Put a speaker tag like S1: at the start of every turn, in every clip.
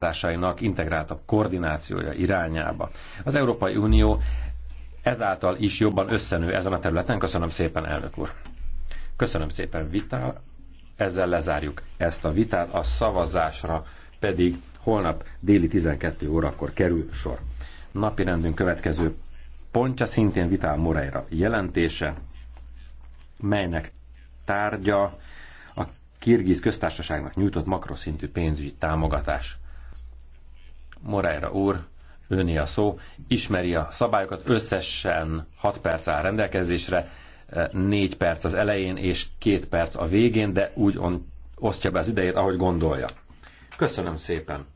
S1: hatásainak integráltabb koordinációja irányába. Az Európai Unió ezáltal is jobban összenő ezen a területen. Köszönöm szépen, elnök úr. Köszönöm szépen, Vitál. Ezzel lezárjuk ezt a vitát, a szavazásra pedig holnap déli 12 órakor kerül sor. Napi rendünk következő pontja szintén Vitál Moreira jelentése, melynek tárgya a Kirgiz köztársaságnak nyújtott makroszintű pénzügyi támogatás. Moreira úr, őni a szó, ismeri a szabályokat, összesen 6 perc áll rendelkezésre, 4 eh, perc az elején és 2 perc a végén, de úgy on, osztja be az idejét, ahogy gondolja. Köszönöm szépen,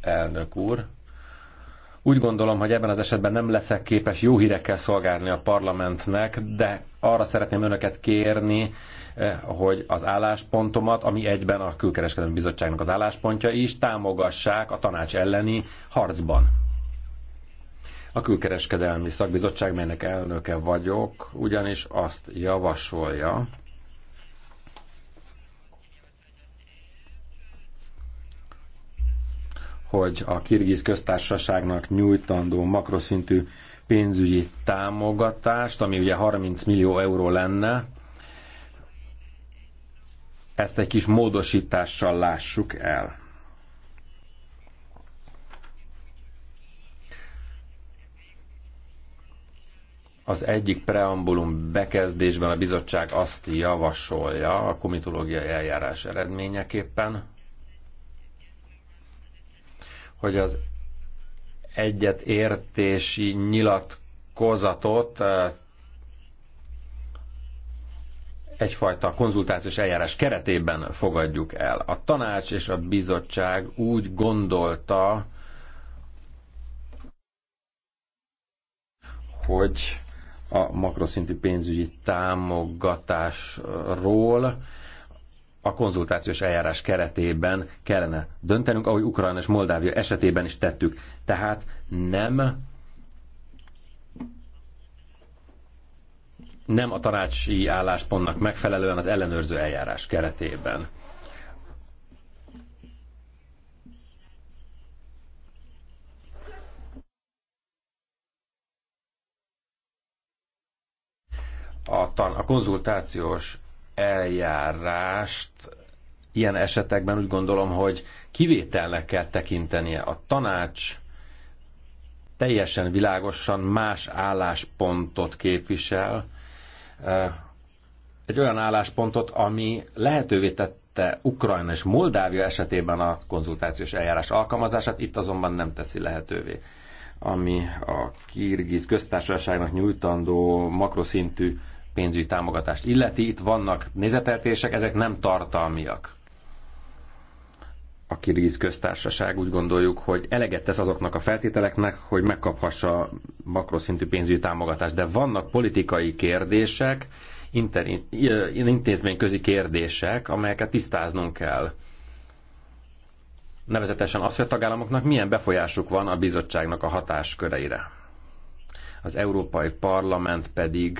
S1: elnök úr. Úgy gondolom, hogy ebben az esetben nem leszek képes jó hírekkel szolgálni a parlamentnek, de arra szeretném önöket kérni, Eh, hogy az álláspontomat, ami egyben a Külkereskedelmi Bizottságnak az álláspontja is, támogassák a tanács elleni harcban. A Külkereskedelmi Szakbizottság, melynek elnöke vagyok, ugyanis azt javasolja, hogy a Kirgiz köztársaságnak nyújtandó makroszintű pénzügyi támogatást, ami ugye 30 millió euró lenne, ezt egy kis módosítással lássuk el. Az egyik preambulum bekezdésben a bizottság azt javasolja a komitológiai eljárás eredményeképpen, hogy az egyetértési nyilatkozatot eh, egyfajta konzultációs eljárás keretében fogadjuk el. A tanács és a bizottság úgy gondolta, hogy a makroszintű pénzügyi támogatásról a konzultációs eljárás keretében kellene döntenünk, ahogy Ukrajna és Moldávia esetében is tettük. Tehát nem nem a tanácsi álláspontnak megfelelően az ellenőrző eljárás keretében. A, tan a konzultációs eljárást ilyen esetekben úgy gondolom, hogy kivételnek kell tekintenie. A tanács teljesen világosan más álláspontot képvisel, egy olyan álláspontot, ami lehetővé tette Ukrajna és Moldávia esetében a konzultációs eljárás alkalmazását, itt azonban nem teszi lehetővé ami a Kirgiz köztársaságnak nyújtandó makroszintű pénzügyi támogatást illeti. Itt vannak nézeteltések, ezek nem tartalmiak a Kirgiz köztársaság úgy gondoljuk, hogy eleget tesz azoknak a feltételeknek, hogy megkaphassa makroszintű pénzügyi támogatást. De vannak politikai kérdések, inter, intézményközi kérdések, amelyeket tisztáznunk kell. Nevezetesen az, hogy a tagállamoknak milyen befolyásuk van a bizottságnak a hatásköreire. Az Európai Parlament pedig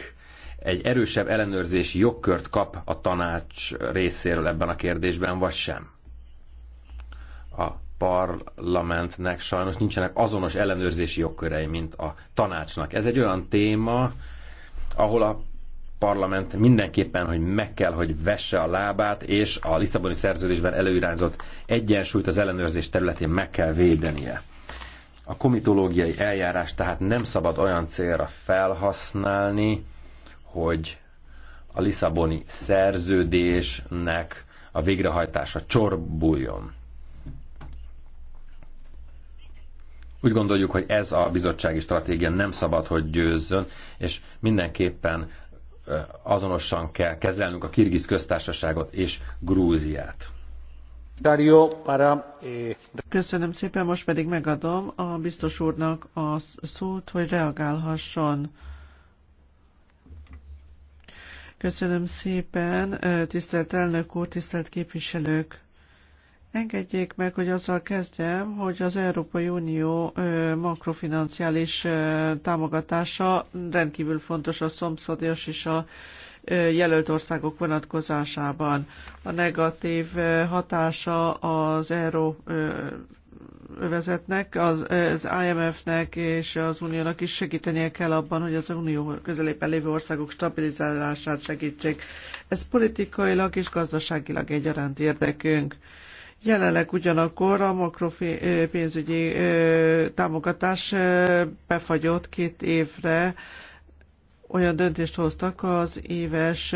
S1: egy erősebb ellenőrzési jogkört kap a tanács részéről ebben a kérdésben, vagy sem a parlamentnek sajnos nincsenek azonos ellenőrzési jogkörei, mint a tanácsnak. Ez egy olyan téma, ahol a parlament mindenképpen, hogy meg kell, hogy vesse a lábát, és a Lisszaboni szerződésben előirányzott egyensúlyt az ellenőrzés területén meg kell védenie. A komitológiai eljárás tehát nem szabad olyan célra felhasználni, hogy a Lisszaboni szerződésnek a végrehajtása csorbuljon. Úgy gondoljuk, hogy ez a bizottsági stratégia nem szabad, hogy győzzön, és mindenképpen azonosan kell kezelnünk a Kirgiz köztársaságot és Grúziát.
S2: Eh, Köszönöm szépen, most pedig megadom a biztos úrnak a szót, hogy reagálhasson. Köszönöm szépen, tisztelt elnök úr, tisztelt képviselők! Engedjék meg, hogy azzal kezdjem, hogy az Európai Unió makrofinanciális támogatása rendkívül fontos a szomszédos és a jelölt országok vonatkozásában. A negatív hatása az euró övezetnek, az, az IMF-nek és az Uniónak is segítenie kell abban, hogy az Unió közelében lévő országok stabilizálását segítsék. Ez politikailag és gazdaságilag egyaránt érdekünk. Jelenleg ugyanakkor a makropénzügyi támogatás befagyott két évre, olyan döntést hoztak az éves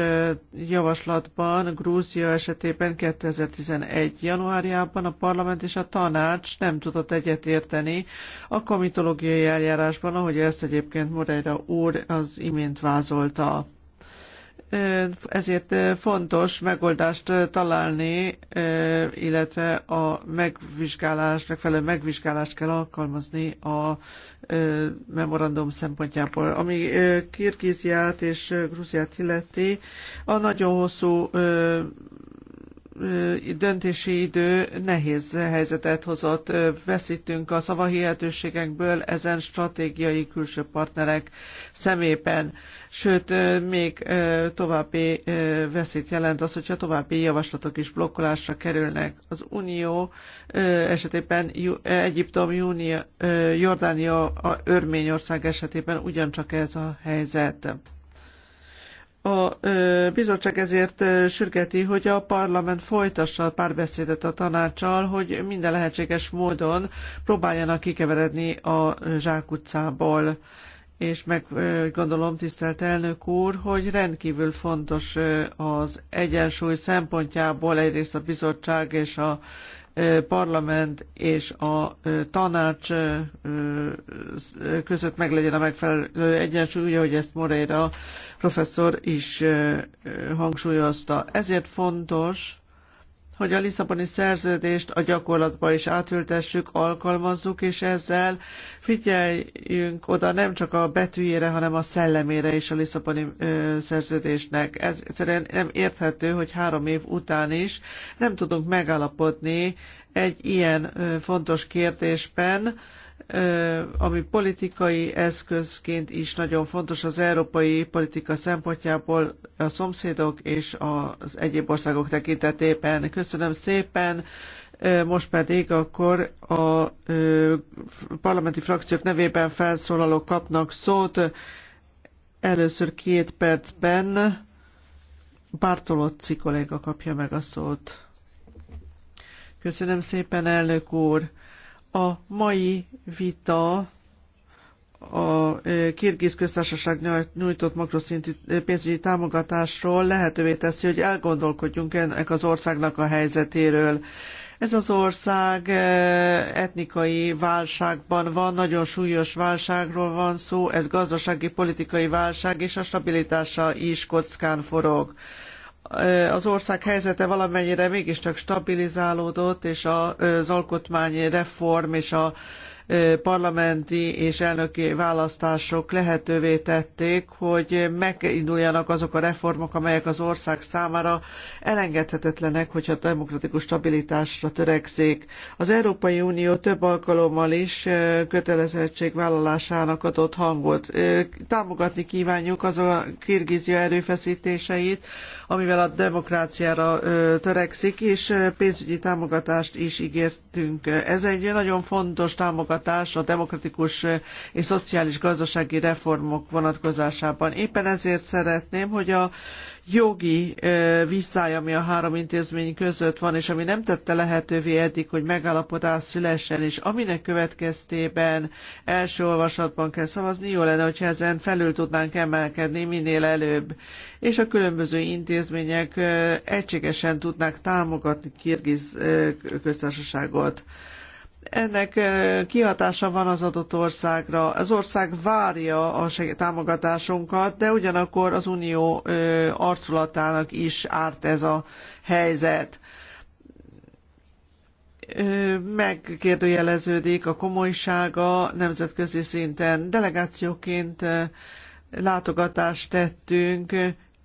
S2: javaslatban, Grúzia esetében 2011. januárjában a parlament és a tanács nem tudott egyetérteni a komitológiai eljárásban, ahogy ezt egyébként Moreira úr az imént vázolta ezért fontos megoldást találni, illetve a megvizsgálást, megfelelő megvizsgálást kell alkalmazni a memorandum szempontjából. Ami Kirgiziát és Grúziát illeti, a nagyon hosszú döntési idő nehéz helyzetet hozott. Veszítünk a szavahihetőségekből ezen stratégiai külső partnerek szemében. Sőt, még további veszít jelent az, hogyha további javaslatok is blokkolásra kerülnek. Az Unió esetében Egyiptom, Júnia, Jordánia, Örményország esetében ugyancsak ez a helyzet. A bizottság ezért sürgeti, hogy a parlament folytassa a párbeszédet a tanácssal, hogy minden lehetséges módon próbáljanak kikeveredni a zsákutcából. És meg gondolom, tisztelt elnök úr, hogy rendkívül fontos az egyensúly szempontjából egyrészt a bizottság és a parlament és a tanács között meglegyen a megfelelő egyensúly, hogy ezt Moreira professzor is hangsúlyozta. Ezért fontos, hogy a Lisszaboni szerződést a gyakorlatba is átültessük, alkalmazzuk, és ezzel figyeljünk oda nem csak a betűjére, hanem a szellemére is a Lisszaboni szerződésnek. Ez egyszerűen nem érthető, hogy három év után is nem tudunk megállapodni egy ilyen fontos kérdésben, ami politikai eszközként is nagyon fontos az európai politika szempontjából a szomszédok és az egyéb országok tekintetében. Köszönöm szépen! Most pedig akkor a parlamenti frakciók nevében felszólalók kapnak szót. Először két percben Bartolozzi kolléga kapja meg a szót. Köszönöm szépen, elnök úr! A mai vita a Kirgiz köztársaság nyújtott makroszintű pénzügyi támogatásról lehetővé teszi, hogy elgondolkodjunk ennek az országnak a helyzetéről. Ez az ország etnikai válságban van, nagyon súlyos válságról van szó, ez gazdasági, politikai válság, és a stabilitása is kockán forog. Eh, az ország helyzete valamennyire mégiscsak stabilizálódott, és az alkotmányi reform és a eh, parlamenti és elnöki választások lehetővé tették, hogy meginduljanak azok a reformok, amelyek az ország számára elengedhetetlenek, hogyha demokratikus stabilitásra törekszik. Az Európai Unió több alkalommal is eh, kötelezettségvállalásának adott hangot. Támogatni kívánjuk az a Kirgizia erőfeszítéseit, amivel a demokráciára törekszik, és pénzügyi támogatást is ígértünk. Ez egy nagyon fontos támogatás a demokratikus és szociális gazdasági reformok vonatkozásában. Éppen ezért szeretném, hogy a jogi viszály, ami a három intézmény között van, és ami nem tette lehetővé eddig, hogy megállapodás szülessen, és aminek következtében első olvasatban kell szavazni, jó lenne, hogyha ezen felül tudnánk emelkedni minél előbb, és a különböző intézmények intézmények egységesen tudnák támogatni Kirgiz köztársaságot. Ennek kihatása van az adott országra. Az ország várja a támogatásunkat, de ugyanakkor az unió arculatának is árt ez a helyzet megkérdőjeleződik a komolysága nemzetközi szinten. Delegációként látogatást tettünk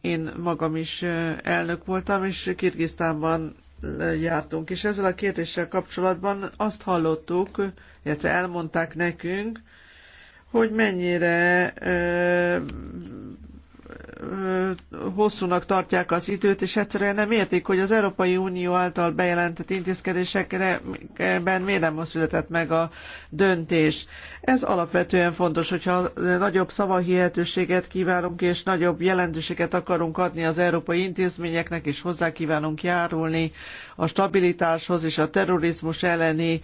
S2: én magam is elnök voltam, és Kirgisztánban jártunk. És ezzel a kérdéssel kapcsolatban azt hallottuk, illetve elmondták nekünk, hogy mennyire hosszúnak tartják az időt, és egyszerűen nem értik, hogy az Európai Unió által bejelentett intézkedésekben miért nem született meg a döntés. Ez alapvetően fontos, hogyha nagyobb szavahihetőséget kívánunk, és nagyobb jelentőséget akarunk adni az európai intézményeknek, és hozzá kívánunk járulni a stabilitáshoz és a terrorizmus elleni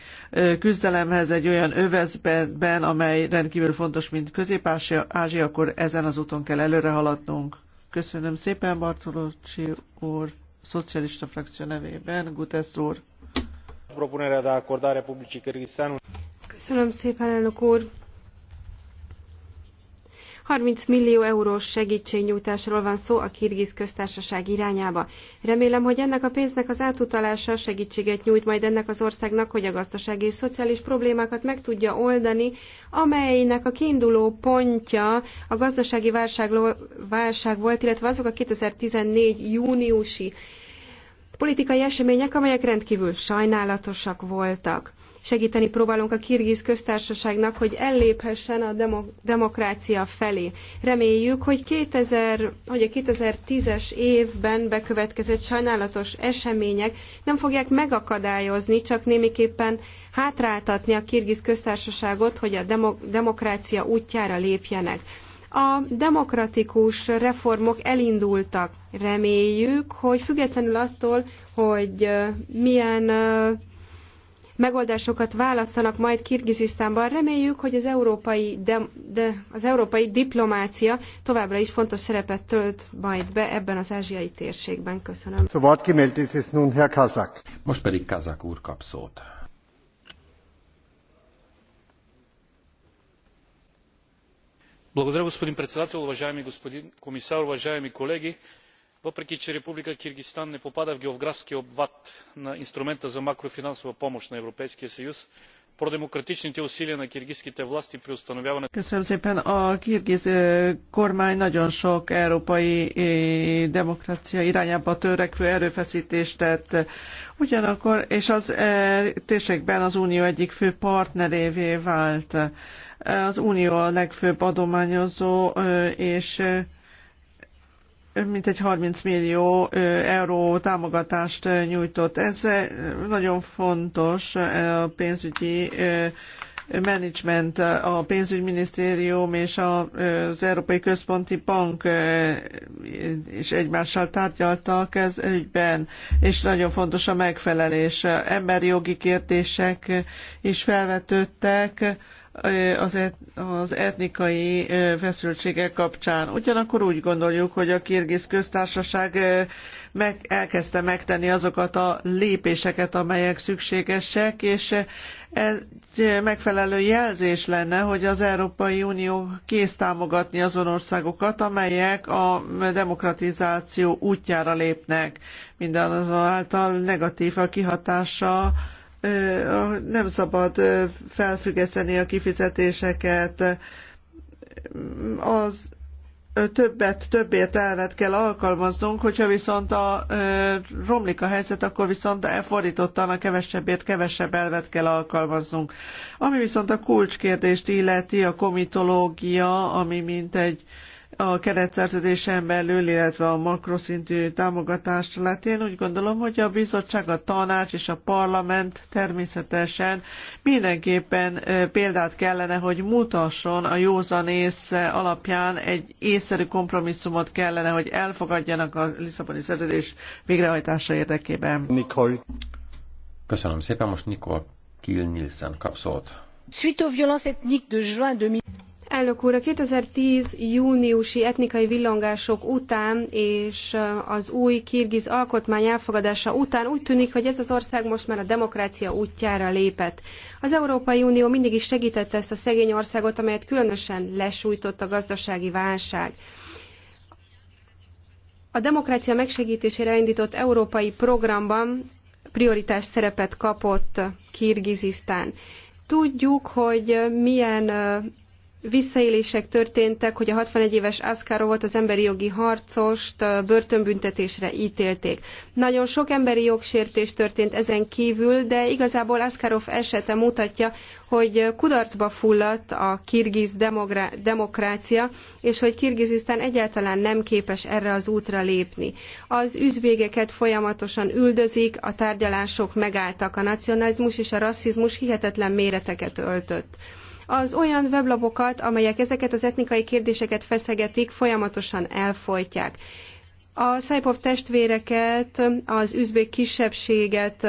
S2: küzdelemhez egy olyan övezben, amely rendkívül fontos, mint Közép-Ázsia, akkor ezen az úton kell előre haladnunk. Köszönöm szépen, Bartolocsi úr, szocialista frakció nevében, Gutesz úr.
S3: Köszönöm szépen, elnök úr. 30 millió eurós segítségnyújtásról van szó a Kirgiz köztársaság irányába. Remélem, hogy ennek a pénznek az átutalása segítséget nyújt majd ennek az országnak, hogy a gazdasági és szociális problémákat meg tudja oldani, amelynek a kiinduló pontja a gazdasági válság volt, illetve azok a 2014 júniusi politikai események, amelyek rendkívül sajnálatosak voltak segíteni próbálunk a kirgiz köztársaságnak, hogy elléphessen a demokrácia felé. Reméljük, hogy, 2000, hogy a 2010-es évben bekövetkezett sajnálatos események nem fogják megakadályozni, csak némiképpen hátráltatni a kirgiz köztársaságot, hogy a demokrácia útjára lépjenek. A demokratikus reformok elindultak. Reméljük, hogy függetlenül attól, hogy milyen megoldásokat választanak majd Kirgizisztánban. Reméljük, hogy az európai, de, de az európai diplomácia továbbra is fontos szerepet tölt majd be ebben az ázsiai térségben. Köszönöm.
S1: Most pedig Kazak úr kap szót.
S3: Благодаря, господин председател, уважаеми господин комисар, уважаеми колеги въпреки че република киргизстан не попада в географския обхват на инструмента за макрофинансова помощ на европейския съюз prodemokratичните усилия на киргизските власти при установяване...
S2: Köszönöm szépen. A kirgiz kormány nagyon sok európai demokrácia irányába törekvő erőfeszítést tett. Ugyanakkor, és az e, térségben az Unió egyik fő partnerévé vált. Az Unió a legfőbb adományozó, és mintegy 30 millió euró támogatást nyújtott. Ez nagyon fontos a pénzügyi menedzsment, a pénzügyminisztérium és az Európai Központi Bank is egymással tárgyaltak ez ügyben, és nagyon fontos a megfelelés. Emberi jogi kérdések is felvetődtek, az, et, az etnikai feszültségek kapcsán. Ugyanakkor úgy gondoljuk, hogy a Kirgiz köztársaság meg, elkezdte megtenni azokat a lépéseket, amelyek szükségesek, és egy megfelelő jelzés lenne, hogy az Európai Unió kész támogatni azon országokat, amelyek a demokratizáció útjára lépnek. Mindazonáltal negatív a kihatása nem szabad felfüggeszteni a kifizetéseket. Az többet, többért elvet kell alkalmaznunk, hogyha viszont a, romlik a helyzet, akkor viszont fordítottan a kevesebbért kevesebb elvet kell alkalmaznunk. Ami viszont a kulcskérdést illeti, a komitológia, ami mint egy ö, a keretszerződésen belül, illetve a makroszintű támogatás területén úgy gondolom, hogy a bizottság, a tanács és a parlament természetesen mindenképpen példát kellene, hogy mutasson a józan ész alapján egy észszerű kompromisszumot kellene, hogy elfogadjanak a Lisszaboni szerződés végrehajtása érdekében. Nicole.
S1: Köszönöm szépen, most Nikol Kill Nielsen kap szót.
S3: Suite aux violences ethniques de juin 2000 Elnök úr, a 2010 júniusi etnikai villongások után és az új kirgiz alkotmány elfogadása után úgy tűnik, hogy ez az ország most már a demokrácia útjára lépett. Az Európai Unió mindig is segítette ezt a szegény országot, amelyet különösen lesújtott a gazdasági válság. A demokrácia megsegítésére indított európai programban prioritás szerepet kapott Kirgizisztán tudjuk, hogy milyen visszaélések történtek, hogy a 61 éves Aszkárovot, az emberi jogi harcost börtönbüntetésre ítélték. Nagyon sok emberi jogsértés történt ezen kívül, de igazából Aszkárov esete mutatja, hogy kudarcba fulladt a kirgiz demokrácia, és hogy Kirgizisztán egyáltalán nem képes erre az útra lépni. Az üzvégeket folyamatosan üldözik, a tárgyalások megálltak, a nacionalizmus és a rasszizmus hihetetlen méreteket öltött az olyan weblapokat, amelyek ezeket az etnikai kérdéseket feszegetik, folyamatosan elfolytják. A Szájpov testvéreket, az üzbék kisebbséget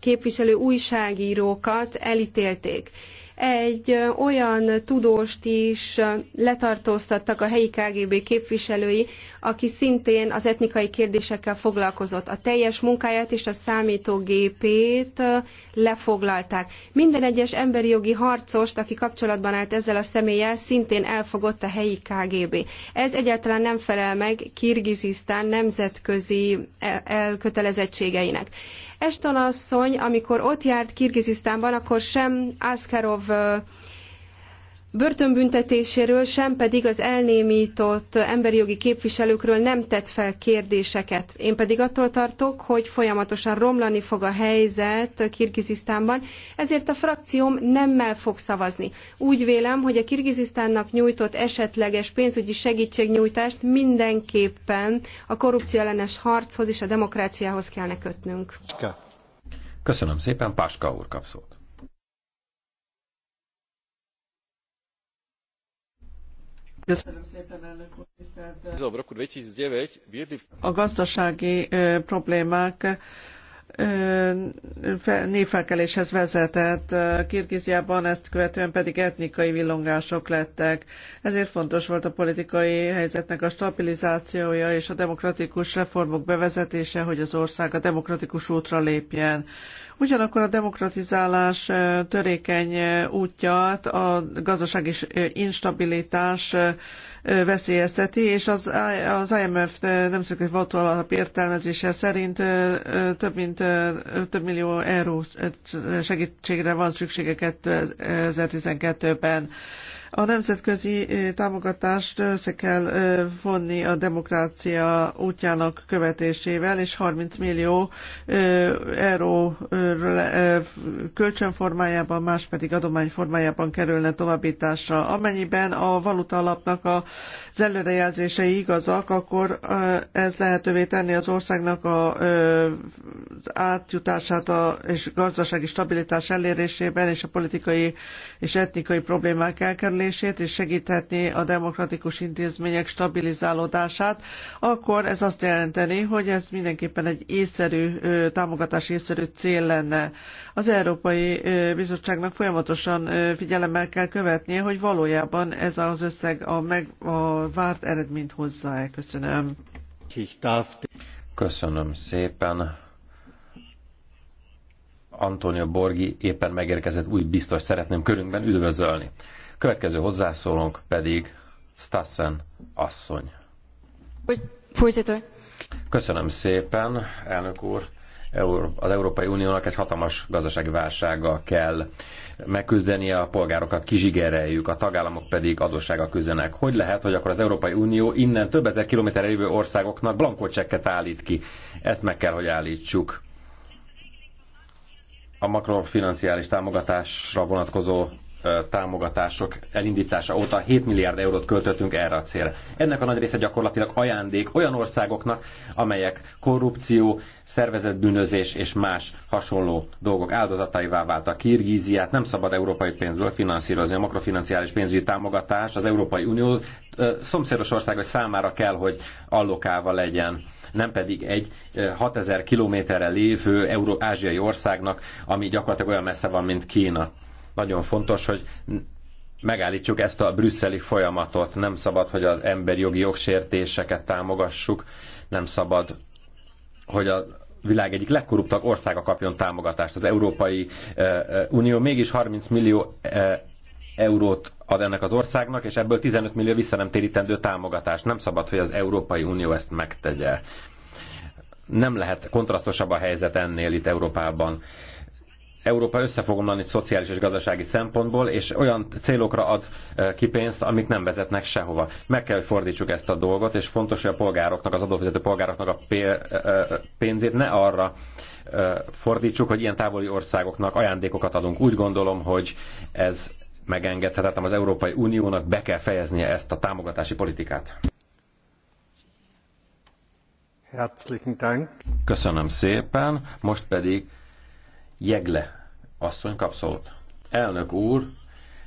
S3: képviselő újságírókat elítélték. Egy olyan tudóst is letartóztattak a helyi KGB képviselői, aki szintén az etnikai kérdésekkel foglalkozott. A teljes munkáját és a számítógépét lefoglalták. Minden egyes emberi jogi harcost, aki kapcsolatban állt ezzel a személlyel, szintén elfogott a helyi KGB. Ez egyáltalán nem felel meg Kirgizisztán nemzetközi e-, elkötelezettségeinek. Eston asszony, amikor ott járt Kirgizisztánban, akkor sem Askarov börtönbüntetéséről, sem pedig az elnémított emberi jogi képviselőkről nem tett fel kérdéseket. Én pedig attól tartok, hogy folyamatosan romlani fog a helyzet Kirgizisztánban, ezért a frakcióm nemmel fog szavazni. Úgy vélem, hogy a Kirgizisztánnak nyújtott esetleges pénzügyi segítségnyújtást mindenképpen a korrupció ellenes harchoz és a demokráciához kellene kötnünk.
S1: Köszönöm szépen, Páska úr kapszót.
S2: Köszönöm szépen, elnök úr,
S1: tisztelt...
S2: A gazdasági problémák névfelkeléshez vezetett. Kirgiziában ezt követően pedig etnikai villongások lettek. Ezért fontos volt a politikai helyzetnek a stabilizációja és a demokratikus reformok bevezetése, hogy az ország a demokratikus útra lépjen. Ugyanakkor a demokratizálás törékeny útját a gazdasági instabilitás veszélyezteti, és az, az IMF nemzetközi valutó alap értelmezése szerint több mint több millió euró segítségre van szüksége 2012-ben. A nemzetközi támogatást össze kell vonni a demokrácia útjának követésével, és 30 millió euró kölcsönformájában, más pedig adományformájában kerülne továbbításra. Amennyiben a valuta alapnak az előrejelzései igazak, akkor ez lehetővé tenni az országnak a, az átjutását a, és gazdasági stabilitás elérésében és a politikai és etnikai problémák elkerülésében megkerülését és segíthetné a demokratikus intézmények stabilizálódását, akkor ez azt jelenteni, hogy ez mindenképpen egy észszerű, támogatás észszerű cél lenne. Az Európai Bizottságnak folyamatosan figyelemmel kell követnie, hogy valójában ez az összeg a, meg, a várt eredményt hozzá-e. Köszönöm.
S1: Köszönöm szépen. Antonio Borgi éppen megérkezett új biztos szeretném körünkben üdvözölni. Következő hozzászólónk pedig Stassen asszony. Folytatói. Köszönöm szépen, elnök úr az Európai Uniónak egy hatalmas gazdasági válsággal kell megküzdenie, a polgárokat kizsigereljük, a tagállamok pedig adóssága küzdenek. Hogy lehet, hogy akkor az Európai Unió innen több ezer kilométerre jövő országoknak blankócsekket csekket állít ki? Ezt meg kell, hogy állítsuk. A makrofinanciális támogatásra vonatkozó támogatások elindítása óta 7 milliárd eurót költöttünk erre a célra. Ennek a nagy része gyakorlatilag ajándék olyan országoknak, amelyek korrupció, szervezetbűnözés és más hasonló dolgok áldozataivá váltak. Kirgíziát nem szabad európai pénzből finanszírozni. A makrofinanciális pénzügyi támogatás az Európai Unió szomszédos országok számára kell, hogy allokálva legyen nem pedig egy 6000 kilométerre lévő euró-ázsiai országnak, ami gyakorlatilag olyan messze van, mint Kína nagyon fontos, hogy megállítsuk ezt a brüsszeli folyamatot. Nem szabad, hogy az emberi jogi jogsértéseket támogassuk, nem szabad, hogy a világ egyik legkorruptabb országa kapjon támogatást. Az Európai eh, eh, Unió mégis 30 millió eh, eurót ad ennek az országnak, és ebből 15 millió visszanemtérítendő támogatást. Nem szabad, hogy az Európai Unió ezt megtegye. Nem lehet kontrasztosabb a helyzet ennél itt Európában. Európa össze fog omlani szociális és gazdasági szempontból, és olyan célokra ad ki pénzt, amik nem vezetnek sehova. Meg kell, hogy fordítsuk ezt a dolgot, és fontos, hogy a polgároknak, az adófizető polgároknak a pénzét ne arra fordítsuk, hogy ilyen távoli országoknak ajándékokat adunk. Úgy gondolom, hogy ez megengedhetetlen az Európai Uniónak, be kell fejeznie ezt a támogatási politikát.
S3: Herzlichen Dank.
S1: Köszönöm szépen, most pedig Jegle asszony kap szót. Elnök úr,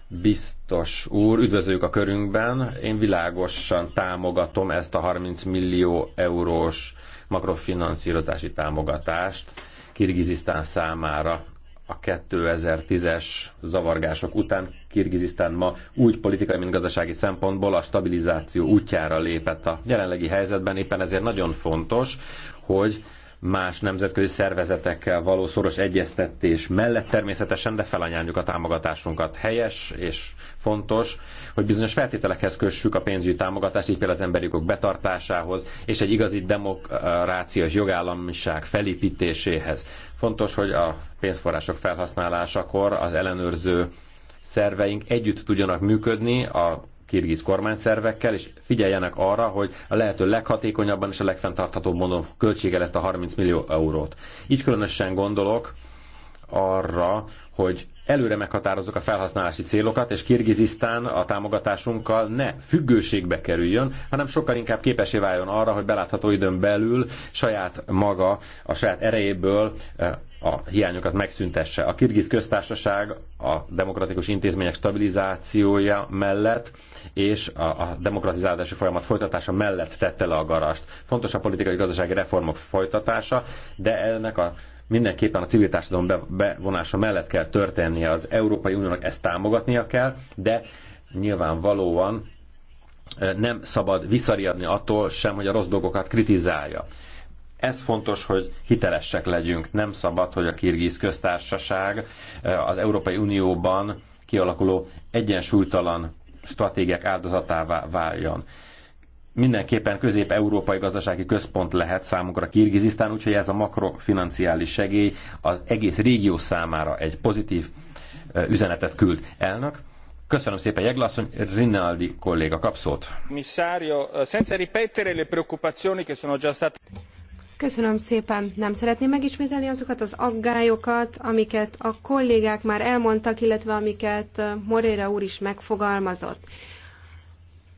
S1: biztos úr, üdvözöljük a körünkben. Én világosan támogatom ezt a 30 millió eurós makrofinanszírozási támogatást Kirgizisztán számára a 2010-es zavargások után Kirgizisztán ma úgy politikai, mint gazdasági szempontból a stabilizáció útjára lépett a jelenlegi helyzetben. Éppen ezért nagyon fontos, hogy más nemzetközi szervezetekkel való szoros egyeztetés mellett természetesen, de felanyáljuk a támogatásunkat. Helyes és fontos, hogy bizonyos feltételekhez kössük a pénzügyi támogatást, így például az emberi jogok betartásához, és egy igazi demokrácia és jogállamiság felépítéséhez. Fontos, hogy a pénzforrások felhasználásakor az ellenőrző szerveink együtt tudjanak működni a kirgiz kormányszervekkel, és figyeljenek arra, hogy a lehető leghatékonyabban és a legfenntarthatóbb módon költsége ezt a 30 millió eurót. Így különösen gondolok arra, hogy előre meghatározzuk a felhasználási célokat, és Kirgizisztán a támogatásunkkal ne függőségbe kerüljön, hanem sokkal inkább képesé váljon arra, hogy belátható időn belül saját maga, a saját erejéből eh, a hiányokat megszüntesse. A Kirgiz köztársaság a demokratikus intézmények stabilizációja mellett és a, a demokratizálási folyamat folytatása mellett tette le a garast. Fontos a politikai gazdasági reformok folytatása, de ennek a mindenképpen a civil társadalom bevonása mellett kell történnie. Az Európai Uniónak ezt támogatnia kell, de nyilvánvalóan nem szabad visszariadni attól sem, hogy a rossz dolgokat kritizálja ez fontos, hogy hitelesek legyünk. Nem szabad, hogy a Kirgiz köztársaság eh, az Európai Unióban kialakuló egyensúlytalan stratégiák áldozatává váljon. Mindenképpen közép-európai gazdasági központ lehet számunkra Kirgizisztán, úgyhogy ez a makrofinanciális segély az egész régió számára egy pozitív eh, üzenetet küld. Elnök, Köszönöm szépen, Jeglasszony, Rinaldi kolléga kapszót. szót. Eh, senza ripetere le preoccupazioni che sono già state...
S3: Köszönöm szépen. Nem szeretném megismételni azokat az aggályokat, amiket a kollégák már elmondtak, illetve amiket Moreira úr is megfogalmazott.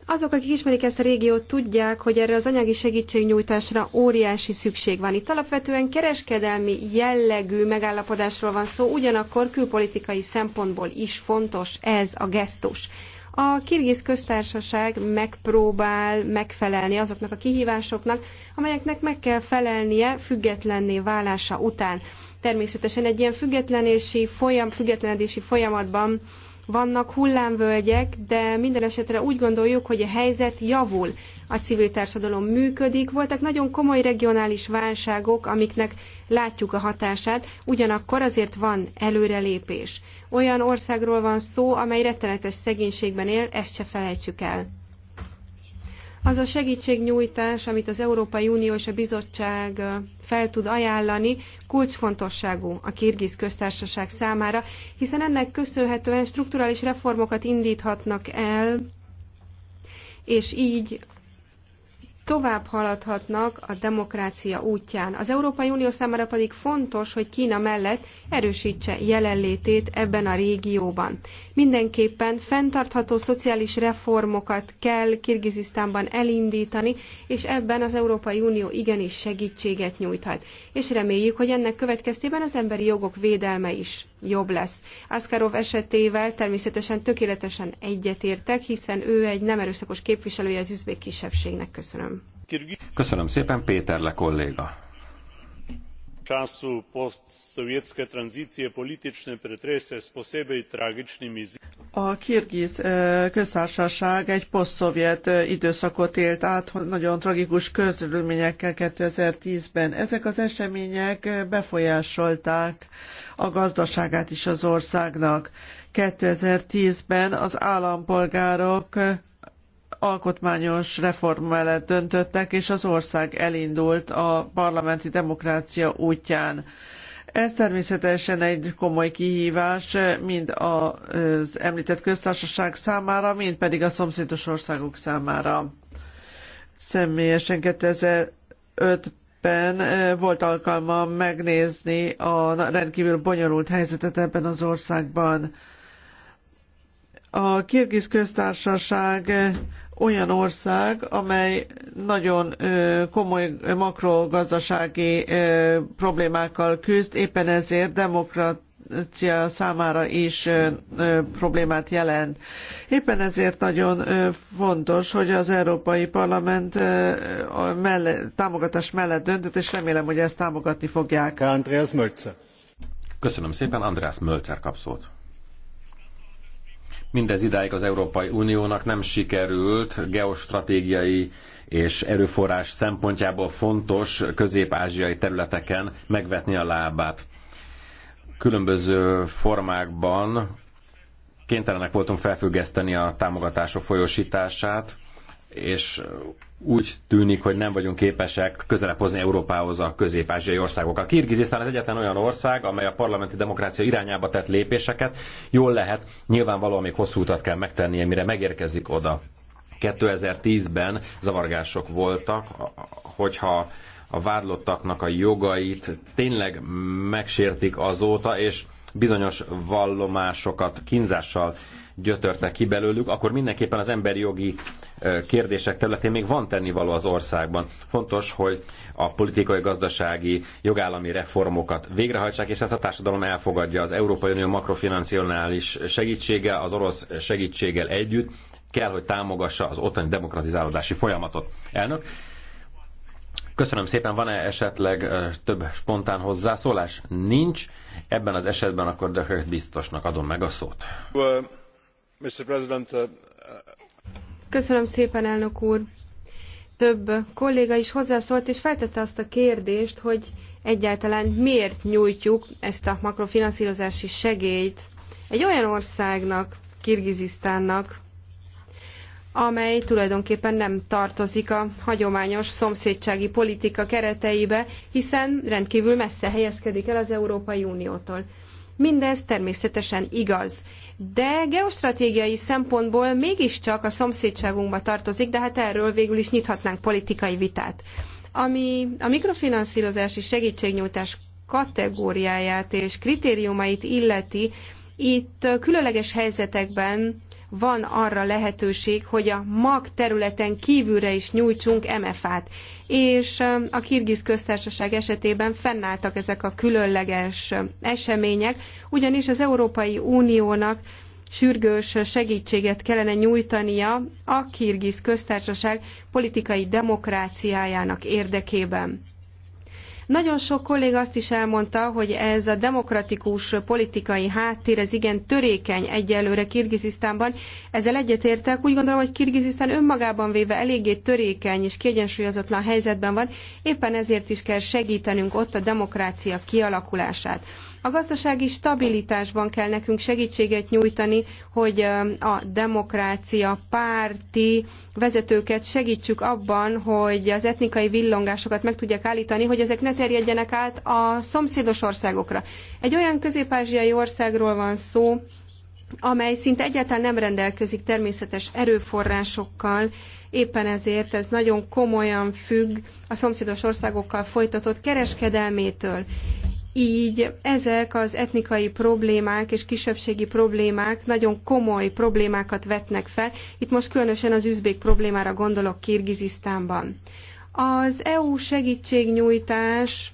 S3: Azok, akik ismerik ezt a régiót, tudják, hogy erre az anyagi segítségnyújtásra óriási szükség van. Itt alapvetően kereskedelmi jellegű megállapodásról van szó, ugyanakkor külpolitikai szempontból is fontos ez a gesztus. A Kirgiz köztársaság megpróbál megfelelni azoknak a kihívásoknak, amelyeknek meg kell felelnie függetlenné válása után. Természetesen egy ilyen függetlenési folyam, függetlenedési folyamatban vannak hullámvölgyek, de minden esetre úgy gondoljuk, hogy a helyzet javul. A civil társadalom működik, voltak nagyon komoly regionális válságok, amiknek látjuk a hatását, ugyanakkor azért van előrelépés. Olyan országról van szó, amely rettenetes szegénységben él, ezt se felejtsük el. Az a segítségnyújtás, amit az Európai Unió és a Bizottság fel tud ajánlani, kulcsfontosságú a Kirgiz köztársaság számára, hiszen ennek köszönhetően strukturális reformokat indíthatnak el, és így tovább haladhatnak a demokrácia útján. Az Európai Unió számára pedig fontos, hogy Kína mellett erősítse jelenlétét ebben a régióban. Mindenképpen fenntartható szociális reformokat kell Kirgizisztánban elindítani, és ebben az Európai Unió igenis segítséget nyújthat. És reméljük, hogy ennek következtében az emberi jogok védelme is jobb lesz. Askarov esetével természetesen tökéletesen egyetértek, hiszen ő egy nem erőszakos képviselője az üzbék kisebbségnek. Köszönöm.
S1: Köszönöm szépen, Péter le kolléga
S2: času posztszovjetske
S3: tranzície politične pretrese s posebej
S2: tragičnim A Kirgiz eh, köztársaság egy posztszovjet eh, időszakot élt át, nagyon tragikus körülményekkel 2010-ben. Ezek az események eh, befolyásolták a gazdaságát is az országnak. 2010-ben az állampolgárok alkotmányos reform mellett döntöttek, és az ország elindult a parlamenti demokrácia útján. Ez természetesen egy komoly kihívás mind az említett köztársaság számára, mind pedig a szomszédos országok számára. Személyesen 2005-ben eh, volt alkalmam megnézni a rendkívül bonyolult helyzetet ebben az országban. A Kirgiz köztársaság eh, olyan ország, amely nagyon komoly makrogazdasági problémákkal küzd, éppen ezért demokrat demokrácia számára is problémát jelent. Éppen ezért nagyon fontos, hogy az Európai Parlament mellett, támogatás mellett döntött, és remélem, hogy ezt támogatni fogják. Andreas Mölzer.
S1: Köszönöm szépen, András Mölzer kap szót. Mindez idáig az Európai Uniónak nem sikerült geostratégiai és erőforrás szempontjából fontos közép-ázsiai területeken megvetni a lábát. Különböző formákban kénytelenek voltunk felfüggeszteni a támogatások folyosítását, és úgy tűnik, hogy nem vagyunk képesek közelebb hozni Európához a közép-ázsiai országokat. Kirgizisztán az egyetlen olyan ország, amely a parlamenti demokrácia irányába tett lépéseket. Jól lehet, nyilvánvalóan még hosszú utat kell megtennie, mire megérkezik oda. 2010-ben zavargások voltak, hogyha a vádlottaknak a jogait tényleg megsértik azóta, és bizonyos vallomásokat kínzással gyötörtek ki belőlük, akkor mindenképpen az emberi jogi kérdések területén még van tennivaló az országban. Fontos, hogy a politikai, gazdasági, jogállami reformokat végrehajtsák, és ezt a társadalom elfogadja az Európai Unió makrofinanciális segítsége, az orosz segítséggel együtt, kell, hogy támogassa az otthoni demokratizálódási folyamatot. Elnök, Köszönöm szépen, van-e esetleg több spontán hozzászólás? Nincs. Ebben az esetben akkor Döhögt biztosnak adom meg a szót. Uh,
S3: uh, szépen, Több kolléga is hozzászólt, és feltette azt a kérdést, hogy egyáltalán miért nyújtjuk ezt a makrofinanszírozási segélyt egy olyan országnak, Kirgizisztánnak, amely tulajdonképpen nem tartozik a hagyományos szomszédsági politika kereteibe, hiszen rendkívül messze helyezkedik el az Európai Uniótól. Mindez természetesen igaz. De geostratégiai szempontból mégiscsak a szomszédságunkba tartozik, de hát erről végül is nyithatnánk politikai vitát. Ami a mikrofinanszírozási segítségnyújtás kategóriáját és kritériumait illeti, itt különleges helyzetekben van arra lehetőség, hogy a MAG területen kívülre is nyújtsunk MFA-t. És a Kirgiz köztársaság esetében fennálltak ezek a különleges események, ugyanis az Európai Uniónak sürgős segítséget kellene nyújtania a Kirgiz köztársaság politikai demokráciájának érdekében. Nagyon sok kolléga azt is elmondta, hogy ez a demokratikus politikai háttér, ez igen törékeny egyelőre Kirgizisztánban. Ezzel egyetértek, úgy gondolom, hogy Kirgizisztán önmagában véve eléggé törékeny és kiegyensúlyozatlan helyzetben van, éppen ezért is kell segítenünk ott a demokrácia kialakulását. A gazdasági stabilitásban kell nekünk segítséget nyújtani, hogy um, a demokrácia párti vezetőket segítsük abban, hogy az etnikai villongásokat meg tudják állítani, hogy ezek ne terjedjenek át a szomszédos országokra. Egy olyan közép-ázsiai országról van szó, amely szinte egyáltalán nem rendelkezik természetes erőforrásokkal, éppen ezért ez nagyon komolyan függ a szomszédos országokkal folytatott kereskedelmétől így ezek az etnikai problémák és kisebbségi problémák nagyon komoly problémákat vetnek fel. Itt most különösen az üzbék problémára gondolok Kirgizisztánban. Az EU segítségnyújtás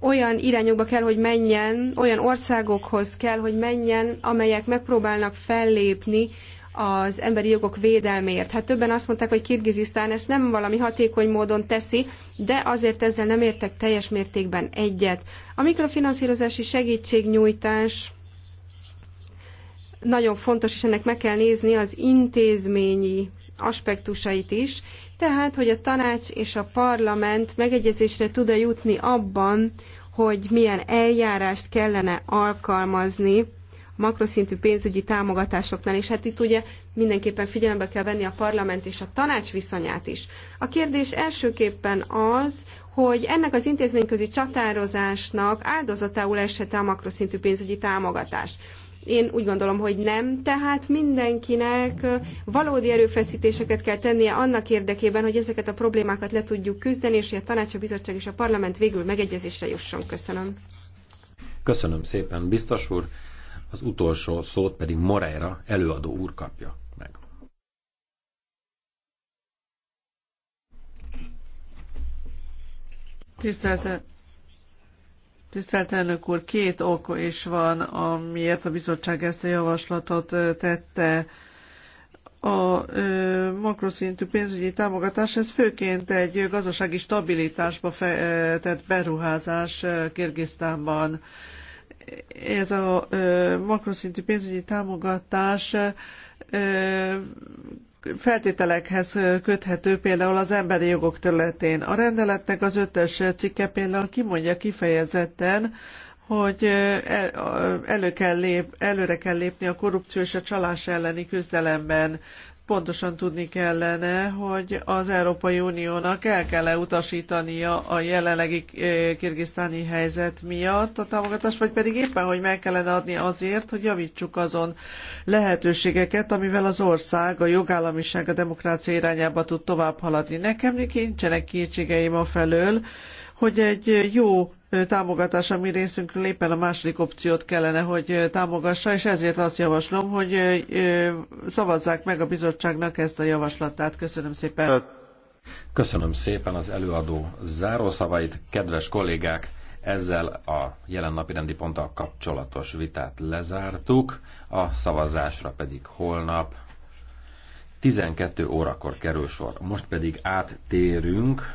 S3: olyan irányokba kell, hogy menjen, olyan országokhoz kell, hogy menjen, amelyek megpróbálnak fellépni az emberi jogok védelméért. Hát többen azt mondták, hogy Kirgizisztán ezt nem valami hatékony módon teszi, de azért ezzel nem értek teljes mértékben egyet. A mikrofinanszírozási segítségnyújtás nagyon fontos, és ennek meg kell nézni az intézményi aspektusait is, tehát, hogy a tanács és a parlament megegyezésre tud -e jutni abban, hogy milyen eljárást kellene alkalmazni makroszintű pénzügyi támogatásoknál, és hát itt ugye mindenképpen figyelembe kell venni a parlament és a tanács viszonyát is. A kérdés elsőképpen az, hogy ennek az intézményközi csatározásnak áldozatául esete a makroszintű pénzügyi támogatás. Én úgy gondolom, hogy nem, tehát mindenkinek valódi erőfeszítéseket kell tennie annak érdekében, hogy ezeket a problémákat le tudjuk küzdeni, és hogy a tanács, a bizottság és a parlament végül megegyezésre jusson. Köszönöm.
S1: Köszönöm szépen, biztos úr az utolsó szót pedig Moreira előadó úr kapja meg.
S2: Tisztelt, tisztelt elnök úr, két ok is van, amiért a bizottság ezt a javaslatot tette a ö, makroszintű pénzügyi támogatás, ez főként egy gazdasági stabilitásba fe, tett beruházás Kirgisztánban ez a makroszintű pénzügyi támogatás feltételekhez köthető például az emberi jogok területén. A rendeletnek az ötös cikke például kimondja kifejezetten, hogy elő kell lép, előre kell lépni a korrupció és a csalás elleni küzdelemben pontosan tudni kellene, hogy az Európai Uniónak el kell-e utasítania a jelenlegi eh, kirgisztáni helyzet miatt a támogatást, vagy pedig éppen, hogy meg kellene adni azért, hogy javítsuk azon lehetőségeket, amivel az ország a jogállamiság a demokrácia irányába tud tovább haladni. Nekem nincsenek kétségeim a felől, hogy egy jó támogatása mi részünkről éppen a második opciót kellene, hogy támogassa, és ezért azt javaslom, hogy szavazzák meg a bizottságnak ezt a javaslatát. Köszönöm szépen. Köszönöm szépen az előadó
S1: zárószavait. Kedves kollégák, ezzel a jelen napi rendi ponttal kapcsolatos vitát lezártuk, a szavazásra pedig holnap 12 órakor kerül sor. Most pedig áttérünk